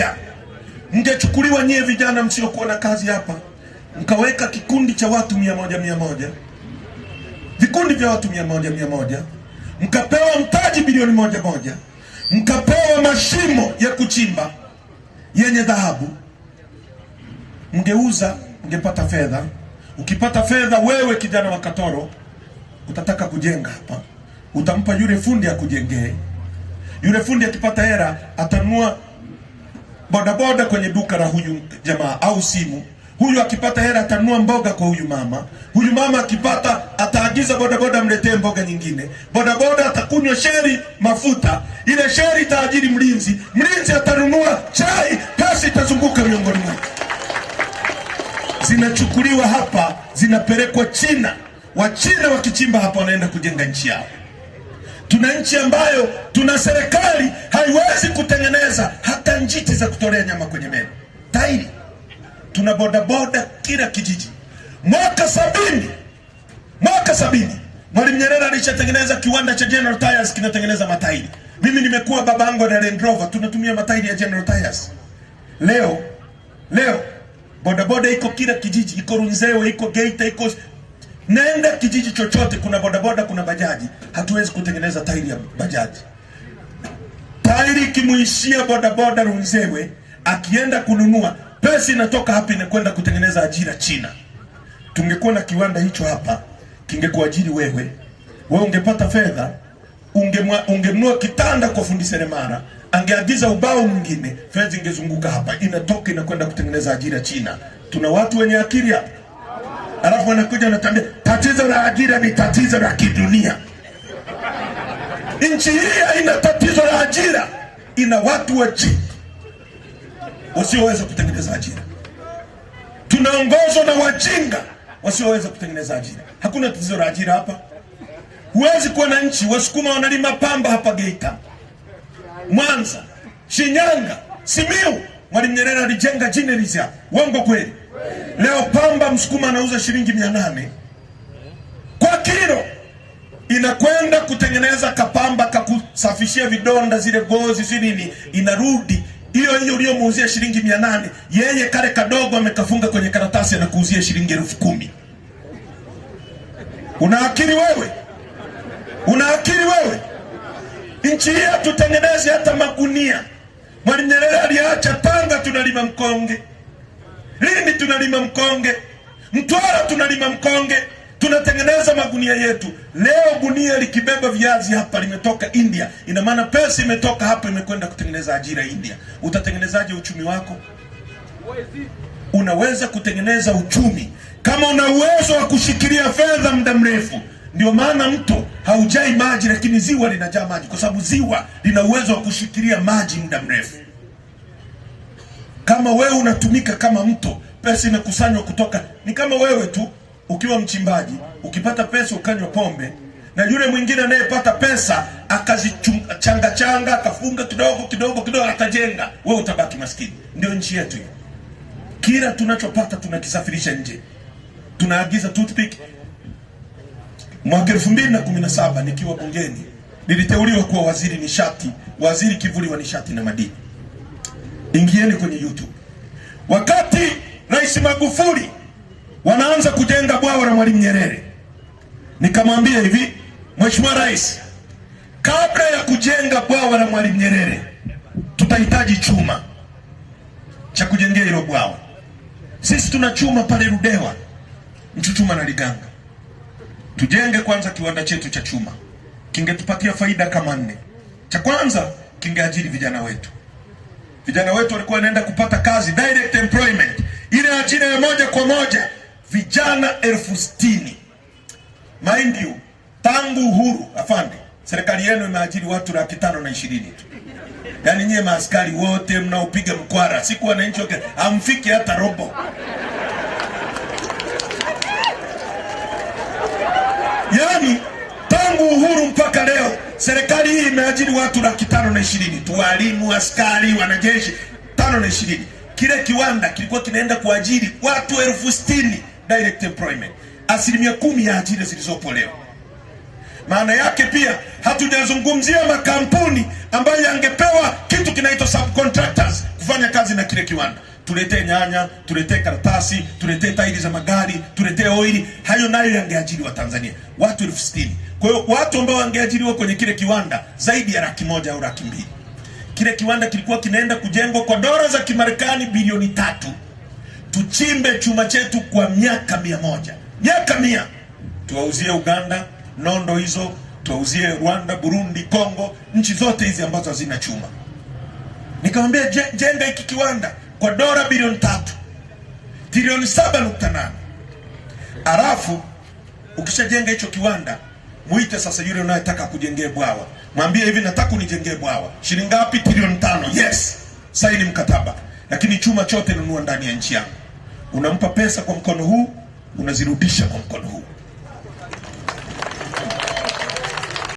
mtapotea, Mngechukuliwa nyie vijana msiokuwa na kazi hapa, mkaweka kikundi cha watu mia moja mia moja vikundi vya watu mia moja mia moja mkapewa mtaji bilioni moja moja mkapewa mashimo ya kuchimba yenye dhahabu, mngeuza mngepata fedha. Ukipata fedha, wewe kijana wa Katoro utataka kujenga hapa, utampa yule fundi akujengee. Yule fundi akipata hela atanua bodaboda kwenye duka la huyu jamaa au simu. Huyu akipata hela atanunua mboga kwa huyu mama, huyu mama akipata ataagiza bodaboda amletee mboga nyingine. Bodaboda atakunywa sheri mafuta, ile sheri itaajiri mlinzi, mlinzi atanunua chai, pesa itazunguka miongoni mwetu. Zinachukuliwa hapa zinapelekwa China, Wachina wakichimba hapa wanaenda kujenga nchi yao. Tuna nchi ambayo tuna serikali haiwezi kutengeneza njiti za kutolea nyama kwenye meno, tairi, tuna bodaboda kila kijiji. Mwaka sabini mwaka sabini Mwalimu Nyerere alishatengeneza kiwanda cha General Tires kinatengeneza matairi. Mimi nimekuwa babangu na Land Rover, tunatumia matairi ya General Tires. Leo leo bodaboda iko kila kijiji, iko Runzewe, iko Geita, iko nenda kijiji chochote, kuna bodaboda, kuna bajaji. Hatuwezi kutengeneza tairi ya bajaji tairi ikimuishia bodaboda runzewe akienda kununua pesa inatoka hapa inakwenda kutengeneza ajira China. Tungekuwa na kiwanda hicho hapa, kingekuajiri wewe, wewe ungepata fedha, ungemnua kitanda kwa fundi seremara, angeagiza ubao mwingine, fedha ingezunguka hapa, inatoka inakwenda kutengeneza ajira China. Tuna watu wenye akili hapa, alafu wanakuja wanatambia tatizo la ajira ni tatizo la kidunia. Nchi hii haina tatizo la ajira, ina watu waji wasioweza kutengeneza ajira. Tunaongozwa na wajinga wasioweza kutengeneza ajira. Hakuna tatizo la ajira hapa. Huwezi kuwa na nchi. Wasukuma wanalima pamba hapa Geita, Mwanza, Shinyanga, Simiu. Mwalimu Nyerere alijenga jinerizi hapa. Uongo kweli? Leo pamba msukuma anauza shilingi mia nane kwa kilo inakwenda kutengeneza kapamba kakusafishia vidonda zile gozi nini inarudi hiyo hiyo uliyomuuzia shilingi mia nane, yeye kale kadogo amekafunga kwenye karatasi anakuuzia shilingi elfu kumi. Unaakili wewe? Unaakili wewe? Nchi hii hatutengenezi hata magunia. Mwalimu Nyerere aliacha Tanga tunalima mkonge, Lindi tunalima mkonge, Mtwara tunalima mkonge sasa magunia yetu leo. Gunia likibeba viazi hapa limetoka India, ina maana pesa imetoka hapa imekwenda kutengeneza ajira India. Utatengenezaje uchumi wako? Unaweza kutengeneza uchumi kama una uwezo wa kushikilia fedha muda mrefu. Ndio maana mto haujai maji, lakini ziwa linajaa maji, kwa sababu ziwa lina uwezo wa kushikilia maji muda mrefu. Kama wewe unatumika kama mto, pesa imekusanywa kutoka, ni kama wewe tu ukiwa mchimbaji ukipata pesa ukanywa pombe, na yule mwingine anayepata pesa akazichanga changa akafunga kidogo kidogo kidogo akajenga, we utabaki maskini. Ndio nchi yetu hiyo. Kila tunachopata tunakisafirisha nje, tunaagiza toothpick. Mwaka 2017 nikiwa bungeni niliteuliwa kuwa waziri nishati, waziri kivuli wa nishati na madini. Ingieni kwenye YouTube wakati Rais Magufuli wanaanza kujenga bwawa la Mwalimu Nyerere. Nikamwambia hivi, Mheshimiwa Rais, kabla ya kujenga bwawa la Mwalimu Nyerere tutahitaji chuma cha kujengea hilo bwawa. Sisi tuna chuma pale Ludewa, Mchuchuma na Liganga. Tujenge kwanza kiwanda chetu cha chuma, kingetupatia faida kama nne. Cha kwanza kingeajiri vijana wetu. Vijana wetu walikuwa wanaenda kupata kazi, direct employment, ile ajira ya moja kwa moja vijana elfu sitini. Mind you, tangu uhuru afande, serikali yenu imeajiri watu laki tano na ishirini tu. Yaani nyie maaskari wote mnaopiga mkwara, siku wananchi wote hamfiki hata robo. Yaani tangu uhuru mpaka leo serikali hii imeajiri watu laki tano na ishirini tu, walimu, askari, wanajeshi, tano na ishirini. Kile kiwanda kilikuwa kinaenda kuajiri watu elfu sitini direct employment, asilimia kumi ya ajira zilizopolewa. Maana yake pia hatujazungumzia makampuni ambayo yangepewa kitu kinaitwa subcontractors kufanya kazi na kile kiwanda. Tuletee nyanya, tuletee karatasi, tuletee tairi za magari, tuletee oili. Hayo nayo yangeajiri wa Tanzania watu elfu sitini. Kwa hiyo watu ambao wangeajiriwa kwenye kile kiwanda zaidi ya laki moja au laki mbili. Kile kiwanda kilikuwa kinaenda kujengwa kwa dola za Kimarekani bilioni tatu tuchimbe chuma chetu kwa miaka mia moja miaka mia, tuwauzie Uganda nondo hizo, tuwauzie Rwanda, Burundi, Kongo, nchi zote hizi ambazo hazina chuma. Nikamwambia jenga hiki kiwanda kwa dola bilioni tatu trilioni saba nukta nane alafu ukishajenga hicho kiwanda muite sasa yule unayetaka kujengee bwawa, mwambie hivi, nataka unijengee bwawa, shilingi ngapi? Trilioni tano. Yes, saini mkataba. Lakini chuma chote nunua ndani ya nchi yangu, unampa pesa kwa mkono huu, unazirudisha kwa mkono huu.